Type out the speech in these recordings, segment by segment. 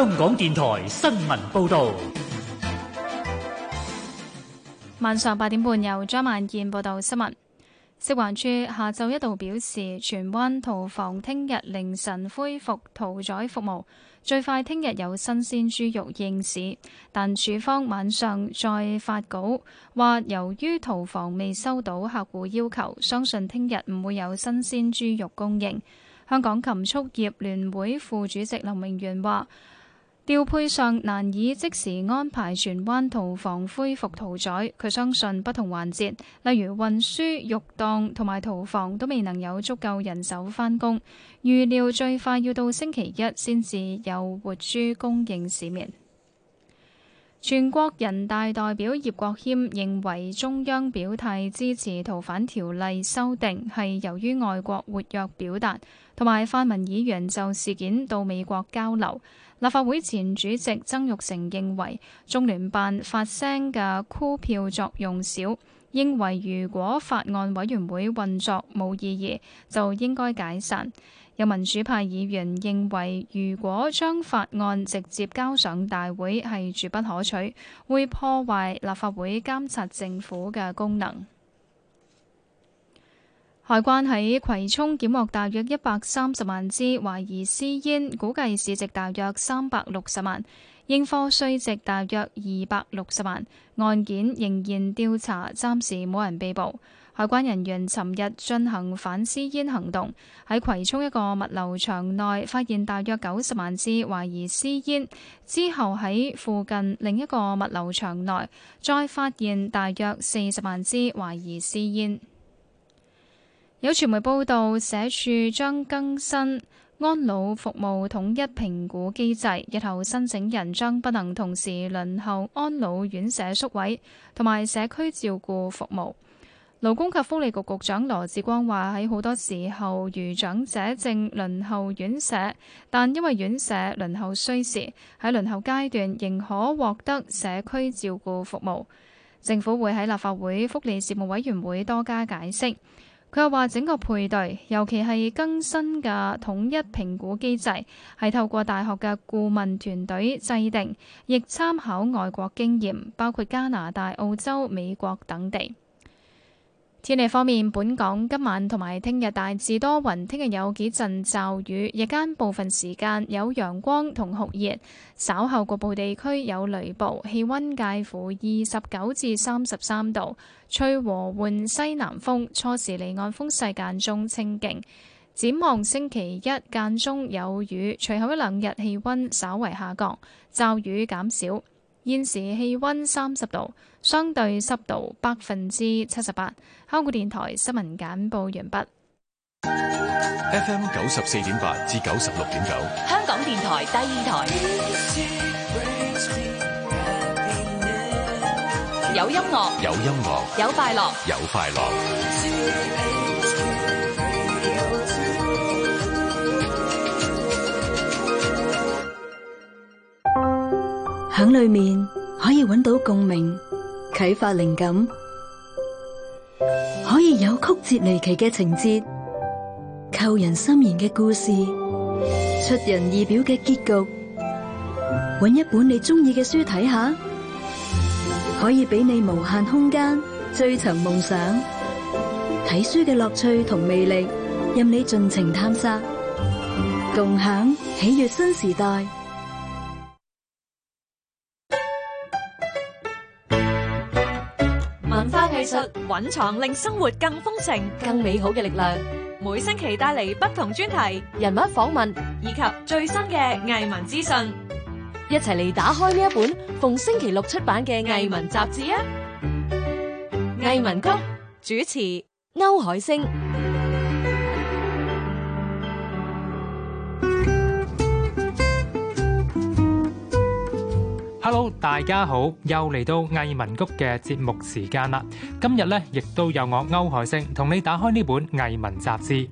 香港電台新聞報道，晚上八點半由張萬健報道新聞。食環署下晝一度表示，荃灣屠房聽日凌晨恢復屠宰服務，最快聽日有新鮮豬肉應市。但署方晚上再發稿話，由於屠房未收到客戶要求，相信聽日唔會有新鮮豬肉供應。香港禽畜業聯會副主席林明源話。調配上難以即時安排荃灣屠房恢復屠宰，佢相信不同環節，例如運輸、肉檔同埋屠房都未能有足夠人手返工，預料最快要到星期一先至有活豬供應市面。全國人大代表葉國謙認為中央表態支持逃犯條例修訂係由於外國活躍表達，同埋泛民議員就事件到美國交流。立法會前主席曾玉成認為中聯辦發聲嘅箍票作用少，認為如果法案委員會運作冇意義，就應該解散。有民主派議員認為，如果將法案直接交上大會係絕不可取，會破壞立法會監察政府嘅功能。海關喺葵涌檢獲大約一百三十萬支懷疑私煙，估計市值大約三百六十萬，應課稅值大約二百六十萬。案件仍然調查，暫時冇人被捕。海關人員尋日進行反私煙行動，喺葵涌一個物流場內發現大約九十萬支懷疑私煙，之後喺附近另一個物流場內再發現大約四十萬支懷疑私煙。有傳媒報道，社署將更新安老服務統一評估機制，日後申請人將不能同時輪候安老院舍宿位同埋社區照顧服務。勞工及福利局局長羅志光話：喺好多時候，如長者正輪候院舍，但因為院舍輪候需時，喺輪候階段仍可獲得社區照顧服務。政府會喺立法會福利事務委員會多加解釋。佢又話：整個配對，尤其係更新嘅統一評估機制，係透過大學嘅顧問團隊制定，亦參考外國經驗，包括加拿大、澳洲、美國等地。天氣方面，本港今晚同埋聽日大致多雲，聽日有幾陣驟雨，日間部分時間有陽光同酷熱，稍後局部地區有雷暴，氣溫介乎二十九至三十三度，吹和緩西南風，初時離岸風勢間中清勁。展望星期一間中有雨，隨後一兩日氣溫稍為下降，驟雨減少。現時氣溫三十度，相對濕度百分之七十八。香港電台新聞簡報完畢。FM 九十四點八至九十六點九，香港電台第二台，有音樂，有音樂，有快樂，有快樂。響裏面可以搵到共鳴、啟發靈感，可以有曲折離奇嘅情節、扣人心弦嘅故事、出人意表嘅結局。搵一本你中意嘅書睇下，可以俾你無限空間追尋夢想。睇書嘅樂趣同魅力，任你盡情探索，共享喜悅新時代。蘊藏令生活更豐盛、更美好嘅力量，每星期帶嚟不同專題、人物訪問以及最新嘅藝文資訊，一齊嚟打開呢一本逢星期六出版嘅藝文雜誌啊！藝文谷主持：區凱聲。hello，大家好，又嚟到藝文谷嘅節目時間啦。今日咧，亦都有我區凱聲同你打開呢本藝文雜誌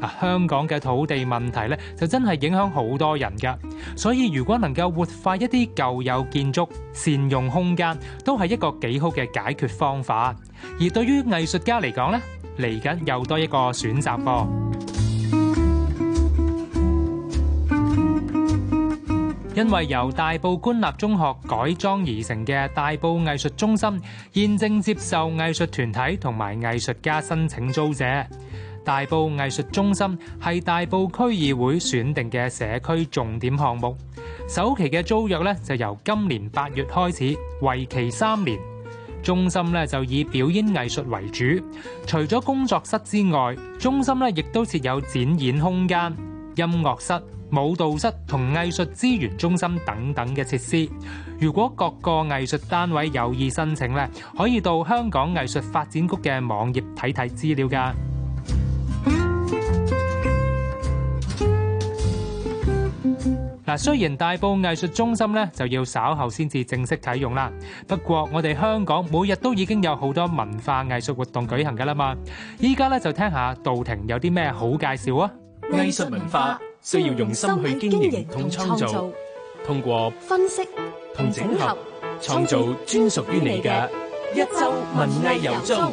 嗱。香港嘅土地問題咧，就真係影響好多人噶，所以如果能夠活化一啲舊有建築，善用空間，都係一個幾好嘅解決方法。而對於藝術家嚟講咧，嚟緊又多一個選擇噃。因為由大埔官立中學改裝而成嘅大埔藝術中心現正接受藝術團體同埋藝術家申請租借。大埔藝術中心係大埔區議會選定嘅社區重點項目，首期嘅租約咧就由今年八月開始，為期三年。中心咧就以表演藝術為主，除咗工作室之外，中心咧亦都設有展演空間、音樂室，舞蹈室同藝術資源中心等等嘅設施，如果各個藝術單位有意申請咧，可以到香港藝術發展局嘅網頁睇睇資料噶。嗱，雖然大埔藝術中心咧就要稍後先至正式啟用啦，不過我哋香港每日都已經有好多文化藝術活動舉行噶啦嘛。依家咧就聽下杜婷有啲咩好介紹啊！藝術文化。需要用心去經營同創造，通過分析同整合，創造專屬於你嘅一周文藝遊蹤。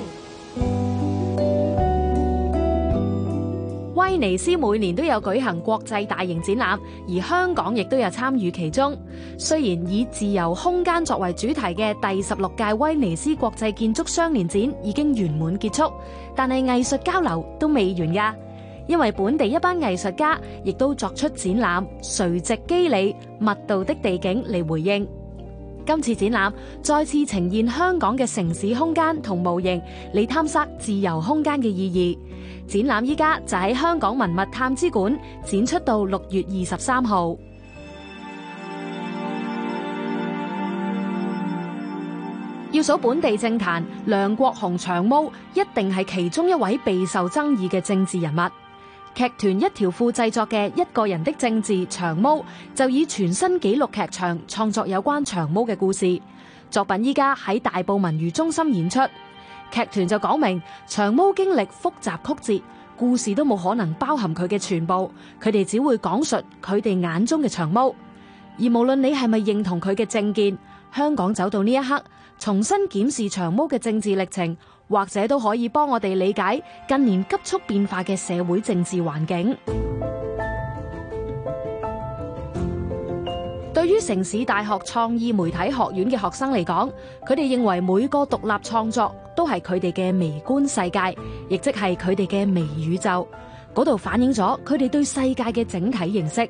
威尼斯每年都有舉行國際大型展覽，而香港亦都有參與其中。雖然以自由空間作為主題嘅第十六屆威尼斯國際建築雙年展已經圓滿結束，但係藝術交流都未完㗎。因為本地一班藝術家亦都作出展覽《垂直肌理密度的地景》嚟回應。今次展覽再次呈現香港嘅城市空間同模型嚟探索自由空間嘅意義。展覽依家就喺香港文物探知館展出到六月二十三號。要數本地政壇梁國雄長毛，一定係其中一位備受爭議嘅政治人物。劇團一條褲製作嘅一個人的政治長毛就以全新紀錄劇場創作有關長毛嘅故事。作品依家喺大埔文娛中心演出。劇團就講明長毛經歷複雜曲折，故事都冇可能包含佢嘅全部，佢哋只會講述佢哋眼中嘅長毛，而無論你係咪認同佢嘅政見。香港走到呢一刻，重新檢視長毛嘅政治歷程，或者都可以幫我哋理解近年急速變化嘅社會政治環境。對於城市大學創意媒體學院嘅學生嚟講，佢哋認為每個獨立創作都係佢哋嘅微觀世界，亦即係佢哋嘅微宇宙，嗰度反映咗佢哋對世界嘅整體認識。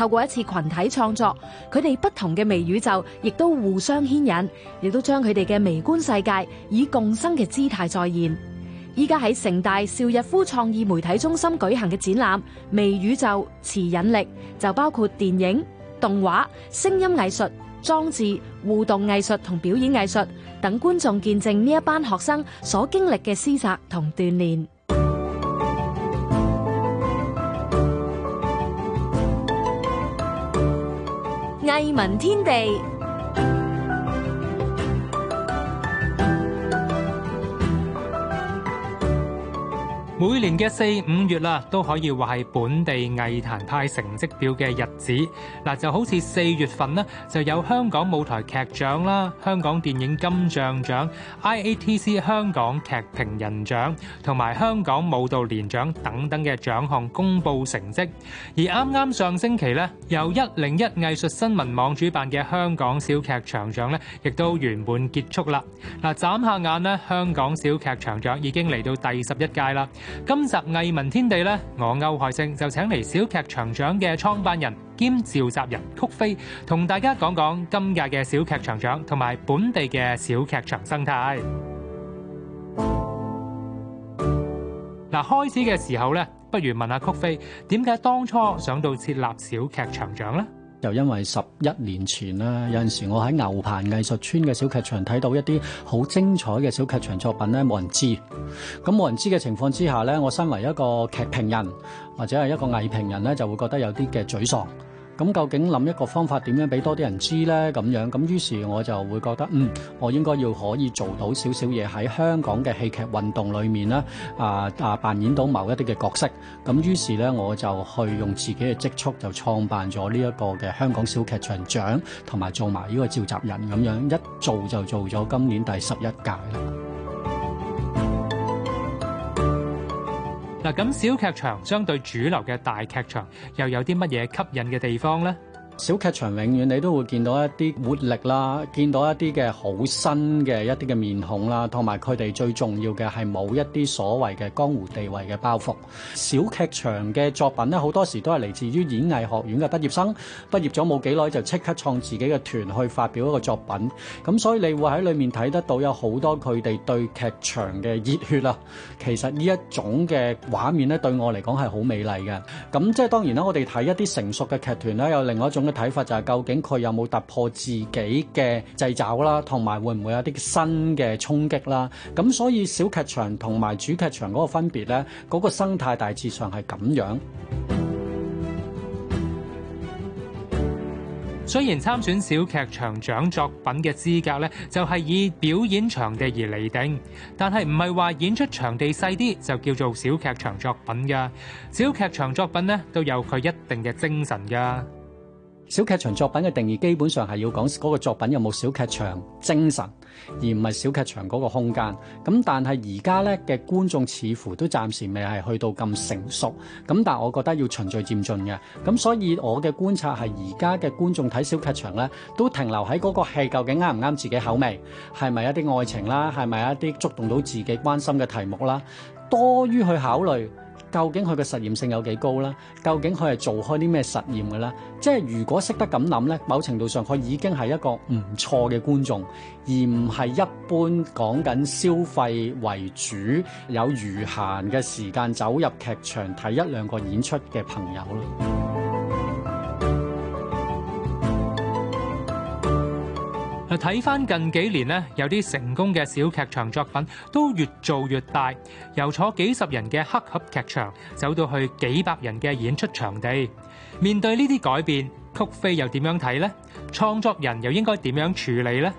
透過一次群體創作，佢哋不同嘅微宇宙亦都互相牽引，亦都將佢哋嘅微觀世界以共生嘅姿態再現。依家喺城大邵逸夫創意媒體中心舉行嘅展覽《微宇宙：磁引力》，就包括電影、動畫、聲音藝術、裝置、互動藝術同表演藝術等，觀眾見證呢一班學生所經歷嘅思索同鍛煉。藝文天地。每年嘅四五月啦，都可以話係本地藝壇派成績表嘅日子。嗱，就好似四月份咧，就有香港舞台劇獎啦、香港電影金像獎、IATC 香港劇評人獎同埋香港舞蹈年獎等等嘅獎項公布成績。而啱啱上星期咧，由一零一藝術新聞網主辦嘅香港小劇場獎咧，亦都圓滿結束啦。嗱，眨下眼咧，香港小劇場獎已經嚟到第十一屆啦。今集藝文天地咧，我區凱聲就請嚟小劇場獎嘅創辦人兼召集人曲飛，同大家講講今屆嘅小劇場獎同埋本地嘅小劇場生態。嗱，開始嘅時候咧，不如問下曲飛，點解當初想到設立小劇場獎呢？又因為十一年前啦，有陣時我喺牛棚藝術村嘅小劇場睇到一啲好精彩嘅小劇場作品咧，冇人知。咁冇人知嘅情況之下咧，我身為一個劇評人，或者係一個藝評人咧，就會覺得有啲嘅沮喪。咁究竟諗一個方法點樣俾多啲人知呢？咁樣咁，於是我就會覺得，嗯，我應該要可以做到少少嘢喺香港嘅戲劇運動裏面咧，啊、呃、啊、呃、扮演到某一啲嘅角色。咁於是呢，我就去用自己嘅積蓄就創辦咗呢一個嘅香港小劇場獎，同埋做埋呢個召集人咁樣，一做就做咗今年第十一屆啦。嗱，咁小劇場相對主流嘅大劇場，又有啲乜嘢吸引嘅地方呢？小劇場永遠你都會見到一啲活力啦，見到一啲嘅好新嘅一啲嘅面孔啦，同埋佢哋最重要嘅係冇一啲所謂嘅江湖地位嘅包袱。小劇場嘅作品咧，好多時都係嚟自於演藝學院嘅畢業生，畢業咗冇幾耐就即刻創自己嘅團去發表一個作品。咁所以你會喺裏面睇得到有好多佢哋對劇場嘅熱血啦，啊，其實呢一種嘅畫面咧，對我嚟講係好美麗嘅。咁即係當然啦，我哋睇一啲成熟嘅劇團咧，有另外一種。睇法就係究竟佢有冇突破自己嘅掣肘啦，同埋會唔會有啲新嘅衝擊啦？咁所以小劇場同埋主劇場嗰個分別呢，嗰、嗰個生態大致上係咁樣。雖然參選小劇場獎作品嘅資格呢，就係以表演場地而釐定，但係唔係話演出場地細啲就叫做小劇場作品噶。小劇場作品呢，都有佢一定嘅精神噶。小劇場作品嘅定義基本上係要講嗰個作品有冇小劇場精神，而唔係小劇場嗰個空間。咁但係而家呢嘅觀眾似乎都暫時未係去到咁成熟。咁但係我覺得要循序漸進嘅。咁所以我嘅觀察係而家嘅觀眾睇小劇場呢，都停留喺嗰個戲究竟啱唔啱自己口味，係咪一啲愛情啦，係咪一啲觸動到自己關心嘅題目啦，多於去考慮，究竟佢嘅實驗性有幾高啦？究竟佢係做開啲咩實驗嘅啦？即係如果識得咁諗呢，某程度上佢已經係一個唔錯嘅觀眾，而唔係一般講緊消費為主、有餘閒嘅時間走入劇場睇一兩個演出嘅朋友啦。睇翻近幾年咧，有啲成功嘅小劇場作品都越做越大，由坐幾十人嘅黑盒劇場走到去幾百人嘅演出場地。面對呢啲改變，曲飛又點樣睇呢？創作人又應該點樣處理呢？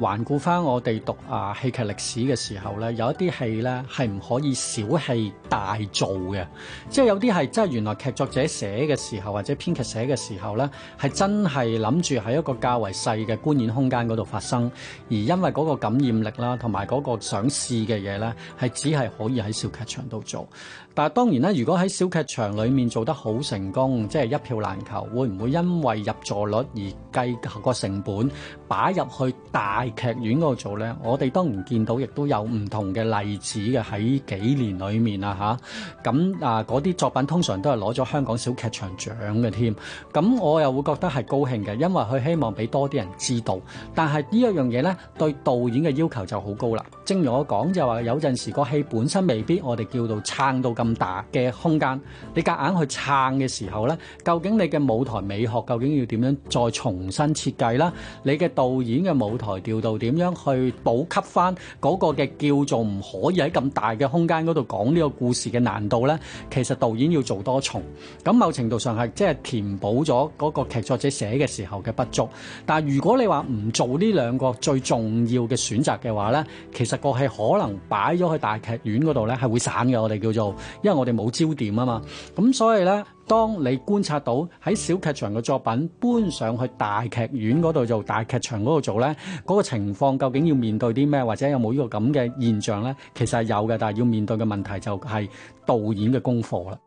環顧翻我哋讀啊戲劇歷史嘅時候呢，有一啲戲呢係唔可以小戲大做嘅，即係有啲係真係原來劇作者寫嘅時候或者編劇寫嘅時候呢係真係諗住喺一個較為細嘅觀演空間嗰度發生，而因為嗰個感染力啦，同埋嗰個想試嘅嘢呢，係只係可以喺小劇場度做。但當然啦，如果喺小劇場裏面做得好成功，即係一票難求，會唔會因為入座率而計個成本擺入去大劇院嗰度做呢？我哋當然見到亦都有唔同嘅例子嘅，喺幾年裏面啊嚇，咁啊，嗰啲作品通常都係攞咗香港小劇場獎嘅添。咁我又會覺得係高興嘅，因為佢希望俾多啲人知道。但係呢一樣嘢呢，對導演嘅要求就好高啦。正如我講就話，有陣時個戲本身未必我哋叫做撐到咁大嘅空間，你夾硬去撐嘅時候咧，究竟你嘅舞台美學究竟要點樣再重新設計啦？你嘅導演嘅舞台調度點樣去補給翻嗰個嘅叫做唔可以喺咁大嘅空間嗰度講呢個故事嘅難度咧？其實導演要做多重，咁某程度上係即係填補咗嗰個劇作者寫嘅時候嘅不足。但係如果你話唔做呢兩個最重要嘅選擇嘅話咧，其實個戲可能擺咗去大劇院嗰度咧係會散嘅。我哋叫做因為我哋冇焦點啊嘛，咁所以呢，當你觀察到喺小劇場嘅作品搬上去大劇院嗰度做、大劇場嗰度做呢，嗰、嗰個情況究竟要面對啲咩，或者有冇呢個咁嘅現象呢？其實係有嘅，但係要面對嘅問題就係導演嘅功課啦。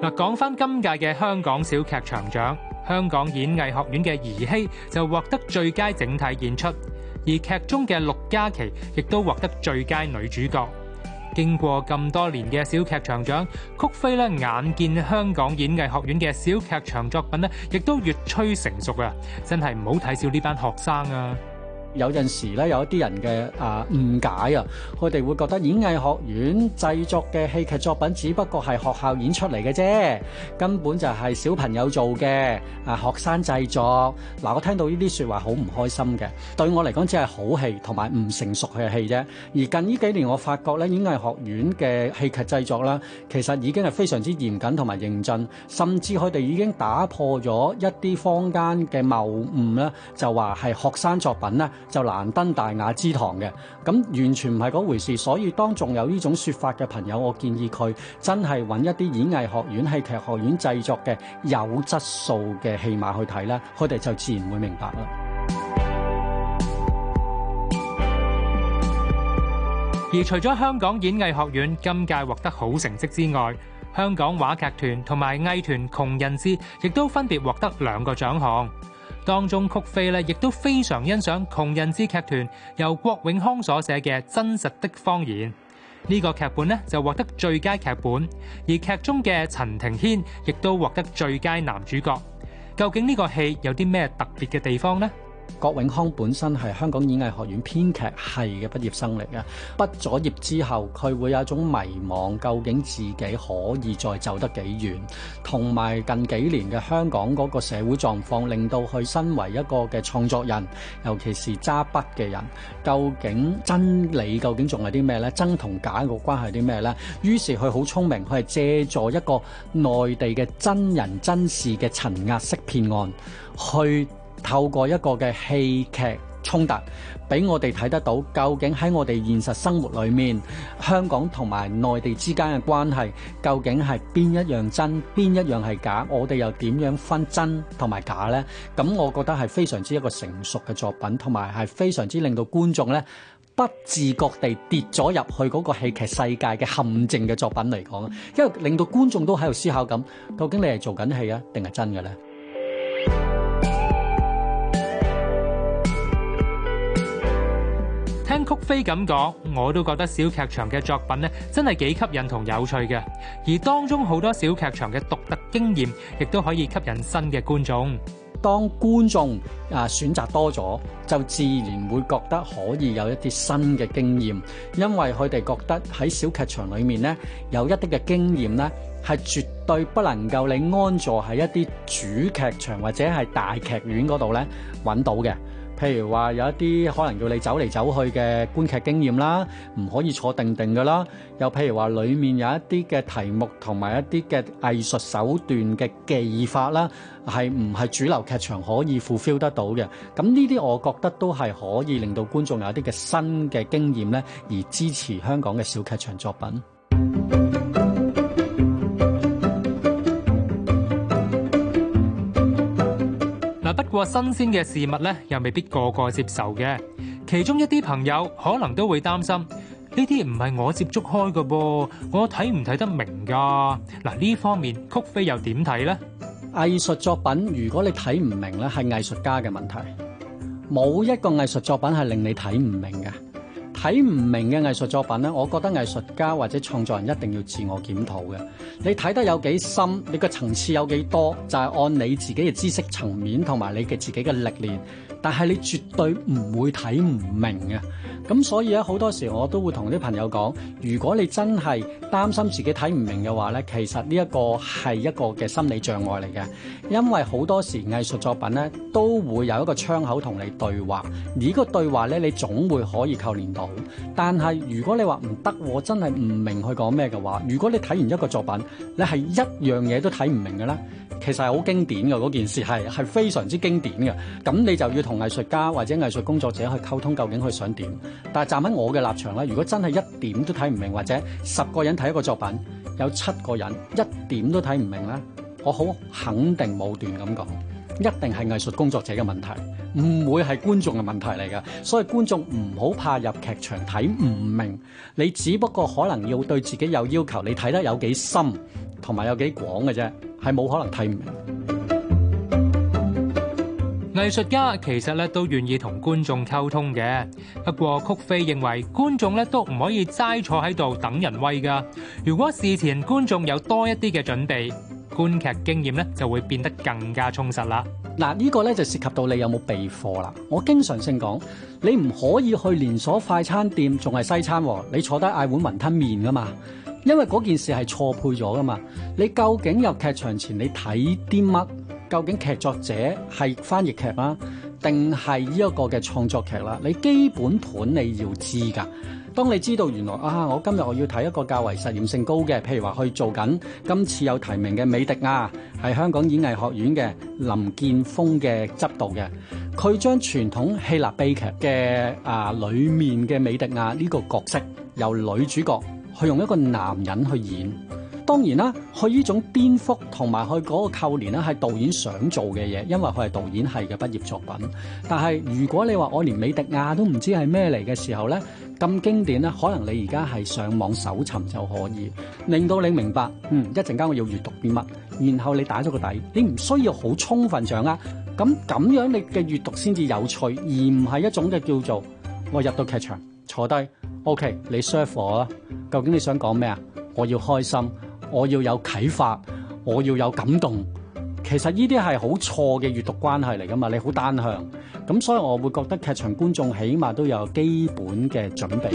嗱，講翻今屆嘅香港小劇場獎。香港演藝學院嘅兒戲就獲得最佳整體演出，而劇中嘅陸嘉琪亦都獲得最佳女主角。經過咁多年嘅小劇場獎，曲飛咧眼見香港演藝學院嘅小劇場作品咧，亦都越趨成熟啊！真係唔好睇笑呢班學生啊！有陣時咧，有一啲人嘅啊誤解啊，佢哋會覺得演藝學院製作嘅戲劇作品，只不過係學校演出嚟嘅啫，根本就係小朋友做嘅啊，學生製作。嗱，我聽到呢啲説話好唔開心嘅，對我嚟講只係好戲同埋唔成熟嘅戲啫。而近呢幾年，我發覺咧，演藝學院嘅戲劇製作咧，其實已經係非常之嚴謹同埋認真，甚至佢哋已經打破咗一啲坊間嘅謬誤啦，就話係學生作品咧。就難登大雅之堂嘅，咁完全唔係嗰回事。所以當仲有呢種說法嘅朋友，我建議佢真係揾一啲演藝學院、戲劇學院製作嘅有質素嘅戲碼去睇啦，佢哋就自然會明白啦。而除咗香港演藝學院今屆獲得好成績之外，香港話劇團同埋藝團窮人誌亦都分別獲得兩個獎項。當中曲飛咧，亦都非常欣賞窮人之劇團由郭永康所寫嘅《真實的謊言》呢、這個劇本咧，就獲得最佳劇本，而劇中嘅陳庭軒亦都獲得最佳男主角。究竟呢個戲有啲咩特別嘅地方呢？郭永康本身係香港演藝學院編劇系嘅畢業生嚟嘅，畢咗業之後，佢會有一種迷茫，究竟自己可以再走得幾遠，同埋近幾年嘅香港嗰個社會狀況令到佢身為一個嘅創作人，尤其是揸筆嘅人，究竟真理究竟仲係啲咩咧？真同假嘅關係啲咩咧？於是佢好聰明，佢係借助一個內地嘅真人真事嘅層壓式騙案去。透過一個嘅戲劇衝突，俾我哋睇得到究竟喺我哋現實生活裏面，香港同埋內地之間嘅關係，究竟係邊一樣真，邊一樣係假？我哋又點樣分真同埋假呢？咁我覺得係非常之一個成熟嘅作品，同埋係非常之令到觀眾呢，不自覺地跌咗入去嗰個戲劇世界嘅陷阱嘅作品嚟講，因為令到觀眾都喺度思考：咁究竟你係做緊戲啊，定係真嘅呢？曲飛咁講，我都覺得小劇場嘅作品咧，真係幾吸引同有趣嘅。而當中好多小劇場嘅獨特經驗，亦都可以吸引新嘅觀眾。當觀眾啊選擇多咗，就自然會覺得可以有一啲新嘅經驗，因為佢哋覺得喺小劇場裏面咧，有一啲嘅經驗咧，係絕對不能夠你安坐喺一啲主劇場或者係大劇院嗰度咧揾到嘅。譬如話有一啲可能要你走嚟走去嘅觀劇經驗啦，唔可以坐定定㗎啦。又譬如話裏面有一啲嘅題目同埋一啲嘅藝術手段嘅技法啦，係唔係主流劇場可以 fulfill 得到嘅？咁呢啲我覺得都係可以令到觀眾有一啲嘅新嘅經驗咧，而支持香港嘅小劇場作品。過新鮮嘅事物咧，又未必個個接受嘅。其中一啲朋友可能都會擔心，呢啲唔係我接觸開嘅噃，我睇唔睇得明噶？嗱，呢方面，曲飛又點睇呢？藝術作品如果你睇唔明咧，係藝術家嘅問題。冇一個藝術作品係令你睇唔明嘅。睇唔明嘅藝術作品呢，我覺得藝術家或者創作人一定要自我檢討嘅。你睇得有幾深，你個層次有幾多，就係按你自己嘅知識層面同埋你嘅自己嘅歷練，但係你絕對唔會睇唔明嘅，咁所以咧好多時我都會同啲朋友講，如果你真係擔心自己睇唔明嘅話呢，其實呢一個係一個嘅心理障礙嚟嘅，因為好多時藝術作品呢都會有一個窗口同你對話，而呢個對話呢你總會可以扣連到。但係如果你話唔得，我真係唔明佢講咩嘅話，如果你睇完一個作品，你係一樣嘢都睇唔明嘅呢，其實係好經典嘅，嗰件事係係非常之經典嘅，咁你就要，同藝術家或者藝術工作者去溝通，究竟佢想點？但係站喺我嘅立場咧，如果真係一點都睇唔明，或者十個人睇一個作品，有七個人一點都睇唔明咧，我好肯定武斷咁講，一定係藝術工作者嘅問題，唔會係觀眾嘅問題嚟㗎。所以觀眾唔好怕入劇場睇唔明，你只不過可能要對自己有要求，你睇得有幾深同埋有幾廣嘅啫，係冇可能睇唔明。藝術家其實咧都願意同觀眾溝通嘅，不過曲飛認為觀眾咧都唔可以齋坐喺度等人餵噶。如果事前觀眾有多一啲嘅準備，觀劇經驗咧就會變得更加充實啦。嗱，呢個咧就涉及到你有冇備課啦。我經常性講，你唔可以去連鎖快餐店，仲係西餐，你坐低嗌碗雲吞麵噶嘛，因為嗰件事係錯配咗噶嘛。你究竟入劇場前你睇啲乜？究竟劇作者係翻譯劇啊，定係呢一個嘅創作劇啦、啊？你基本盤你要知噶。當你知道原來啊，我今日我要睇一個較為實驗性高嘅，譬如話去做緊今次有提名嘅《美狄亞》，係香港演藝學院嘅林建峰嘅執導嘅，佢將傳統希臘悲劇嘅啊裡面嘅美狄亞呢個角色，由女主角去用一個男人去演。當然啦，佢呢種顛覆同埋佢嗰個扣連咧，係導演想做嘅嘢，因為佢係導演系嘅畢業作品。但係如果你話我連美迪亞都唔知係咩嚟嘅時候呢，咁經典呢，可能你而家係上網搜尋就可以，令到你明白，嗯，一陣間我要閱讀啲乜，然後你打咗個底，你唔需要好充分掌握。咁咁樣你嘅閱讀先至有趣，而唔係一種嘅叫做我入到劇場坐低，OK，你 serve 我啦。究竟你想講咩啊？我要開心。我要有啟發，我要有感動。其實呢啲係好錯嘅閱讀關係嚟噶嘛，你好單向。咁所以我會覺得劇場觀眾起碼都有基本嘅準備。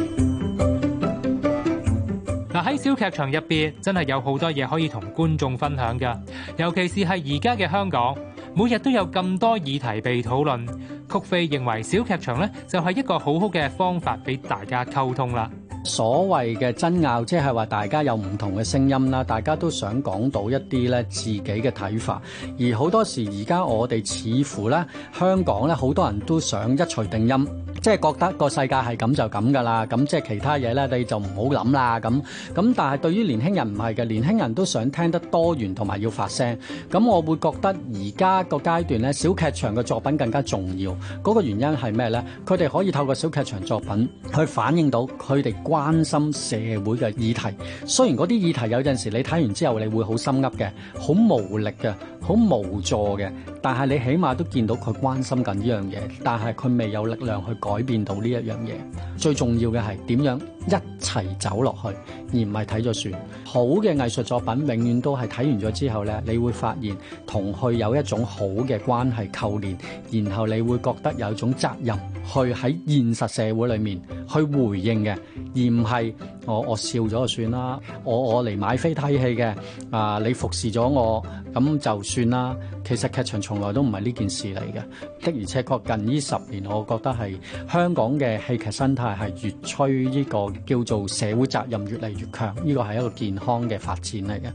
嗱，喺小劇場入邊，真係有好多嘢可以同觀眾分享噶。尤其是係而家嘅香港，每日都有咁多議題被討論。曲飛認為小劇場呢就係一個好好嘅方法俾大家溝通啦。所謂嘅爭拗，即係話大家有唔同嘅聲音啦，大家都想講到一啲呢自己嘅睇法，而好多時而家我哋似乎呢，香港呢，好多人都想一槌定音。即係覺得個世界係咁就咁㗎啦，咁即係其他嘢呢，你就唔好諗啦咁。咁但係對於年輕人唔係嘅，年輕人都想聽得多元同埋要發聲。咁我會覺得而家個階段呢，小劇場嘅作品更加重要。嗰個原因係咩呢？佢哋可以透過小劇場作品去反映到佢哋關心社會嘅議題。雖然嗰啲議題有陣時你睇完之後你會好心噏嘅，好無力嘅，好無助嘅，但係你起碼都見到佢關心緊呢樣嘢。但係佢未有力量去講。改變到呢一樣嘢，最重要嘅係點樣？一齊走落去，而唔係睇咗算。好嘅藝術作品，永遠都係睇完咗之後咧，你會發現同佢有一種好嘅關係扣連，然後你會覺得有一種責任去喺現實社會裏面去回應嘅，而唔係我我笑咗就算啦，我我嚟買飛睇戲嘅啊，你服侍咗我咁就算啦。其實劇場從來都唔係呢件事嚟嘅。的而且確近呢十年，我覺得係香港嘅戲劇生態係越趨呢個叫做社會責任越嚟越強，呢個係一個健康嘅發展嚟嘅。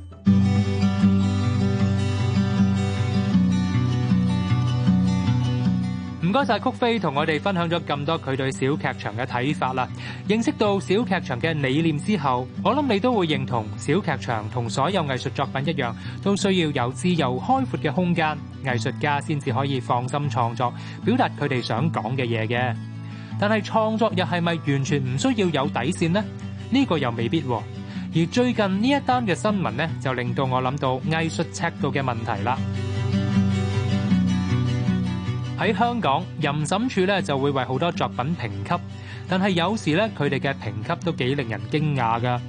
唔該曬曲飛，同我哋分享咗咁多佢對小劇場嘅睇法啦。認識到小劇場嘅理念之後，我諗你都會認同小劇場同所有藝術作品一樣，都需要有自由開闊嘅空間，藝術家先至可以放心創作，表達佢哋想講嘅嘢嘅。但係創作又係咪完全唔需要有底線呢？呢個又未必啊。而最近呢一單嘅新聞呢，就令到我諗到藝術尺度嘅問題啦。喺 香港，淫審處咧就會為好多作品評級，但係有時咧佢哋嘅評級都幾令人驚訝噶。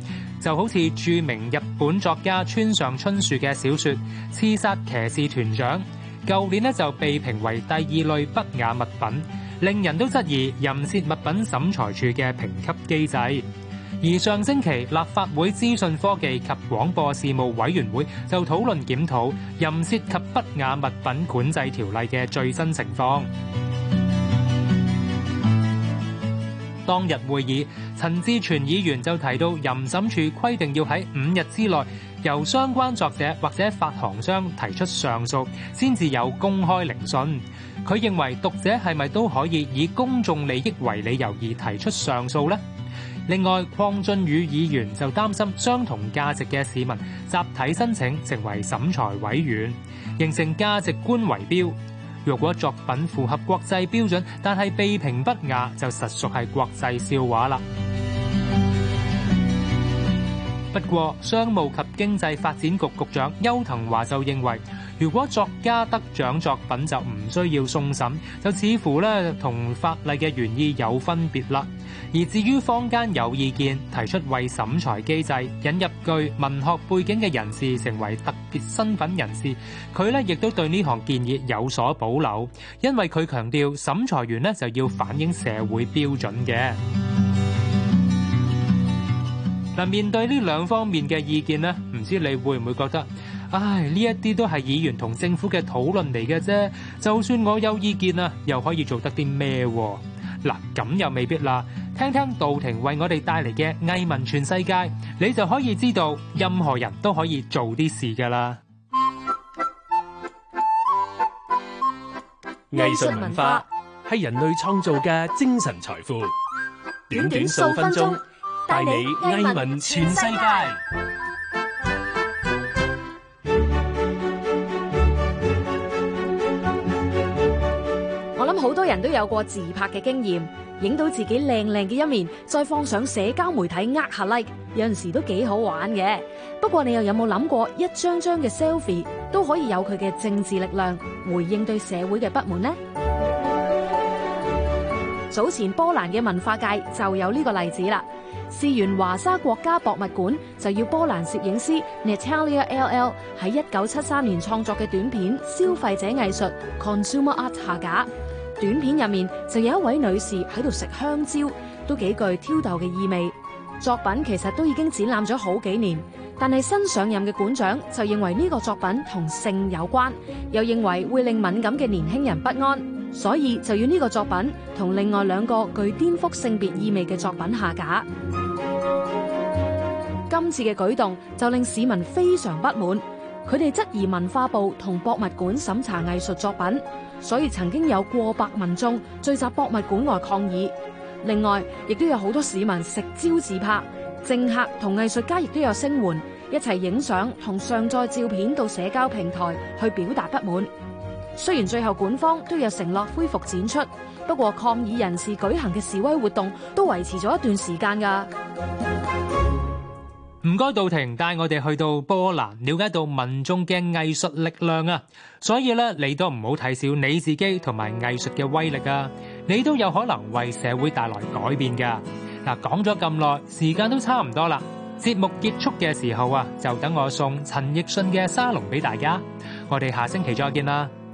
就好似著名日本作家村上春樹嘅小説《刺殺騎士團長》，舊年咧就被評為第二類不雅物品。令人都質疑淫褻物品審裁處嘅評級機制，而上星期立法會資訊科技及廣播事務委員會就討論檢討淫褻及不雅物品管制條例嘅最新情況。當日會議，陳志全議員就提到，淫審處規定要喺五日之內，由相關作者或者發行商提出上訴，先至有公開聆訊。佢認為讀者係咪都可以以公眾利益為理由而提出上訴呢？另外，鄺俊宇議員就擔心相同價值嘅市民集體申請成為審裁委員，形成價值觀圍標。若果作品符合國際標準，但係被評不雅，就實屬係國際笑話啦。不過，商務及經濟發展局局長，邱騰華，就認為，如果作家得獎作品就唔需要送審，就似乎呢同法例嘅原意有分別啦。而至於坊間有意見提出為審裁機制引入具文學背景嘅人士成為特別身份人士，佢呢亦都對呢項建議有所保留，因為佢強調審裁員呢就要反映社會標準嘅。嗱，面對呢兩方面嘅意見咧，唔知你會唔會覺得，唉，呢一啲都係議員同政府嘅討論嚟嘅啫。就算我有意見啊，又可以做得啲咩？嗱，咁又未必啦。聽聽杜婷為我哋帶嚟嘅藝文全世界，你就可以知道，任何人都可以做啲事噶啦。藝術文化係人類創造嘅精神財富，短短數分鐘，帶你藝文全世界。我諗好多人都有過自拍嘅經驗，影到自己靚靚嘅一面，再放上社交媒體呃下 like，有陣時都幾好玩嘅。不過你又有冇諗過，一張張嘅 selfie 都可以有佢嘅政治力量，回應對社會嘅不滿呢？早前波蘭嘅文化界就有呢個例子啦，試完華沙國家博物館就要波蘭攝影師 Natalia LL 喺一九七三年創作嘅短片《消費者藝術》（Consumer Art） 下架。短片入面就有一位女士喺度食香蕉，都幾具挑逗嘅意味。作品其實都已經展覽咗好幾年，但係新上任嘅館長就認為呢個作品同性有關，又認為會令敏感嘅年輕人不安。所以就要呢個作品同另外兩個具顛覆性別意味嘅作品下架。今次嘅舉動就令市民非常不滿，佢哋質疑文化部同博物館審查藝術作品，所以曾經有過百民眾聚集博物館外抗議。另外，亦都有好多市民食蕉自拍，政客同藝術家亦都有聲援，一齊影相同上載照片到社交平台去表達不滿。雖然最後館方都有承諾恢復展出，不過抗議人士舉行嘅示威活動都維持咗一段時間噶。唔該，杜婷帶我哋去到波蘭，了解到民眾嘅藝術力量啊！所以咧，你都唔好睇小你自己同埋藝術嘅威力啊！你都有可能為社會帶來改變噶。嗱，講咗咁耐，時間都差唔多啦。節目結束嘅時候啊，就等我送陳奕迅嘅沙龍俾大家。我哋下星期再見啦！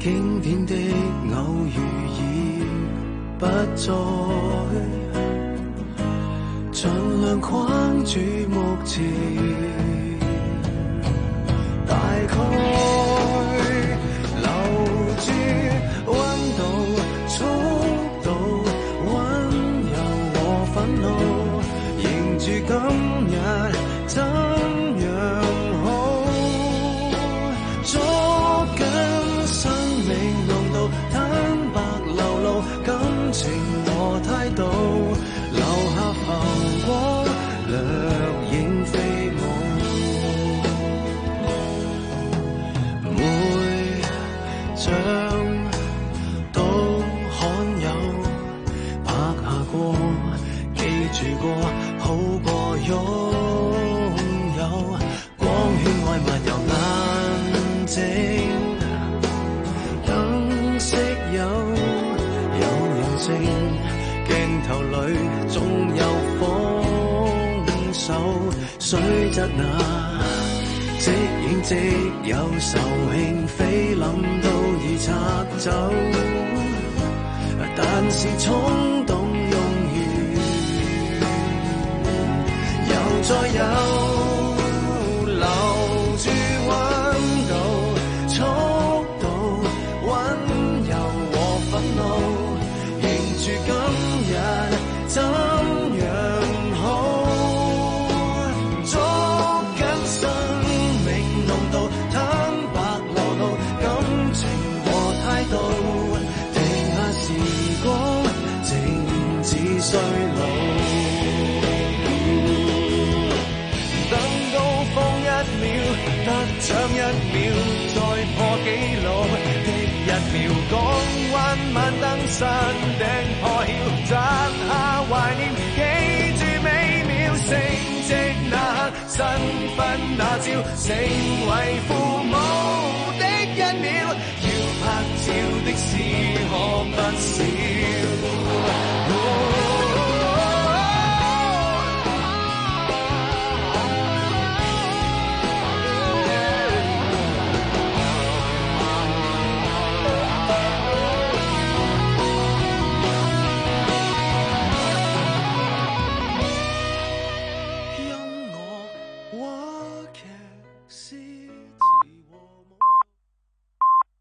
經典的偶遇已不再，盡量框住目前，大概。好過擁有，光圈愛漫遊眼睛，等色有有人性鏡頭裏總有豐收，雖則那即影即有，售罄菲林都已拆走，但是衝動。再有留住溫度、速度、溫柔和憤怒，凝住今日怎樣好？捉緊生命濃度，坦白流露，感情和態度，停下時光，靜止衰老。一秒再破紀錄的一秒，港灣晚燈山頂破曉，摘下懷念，記住美妙，升職那刻，新婚那朝，成為父母的一秒，要拍照的事可不少。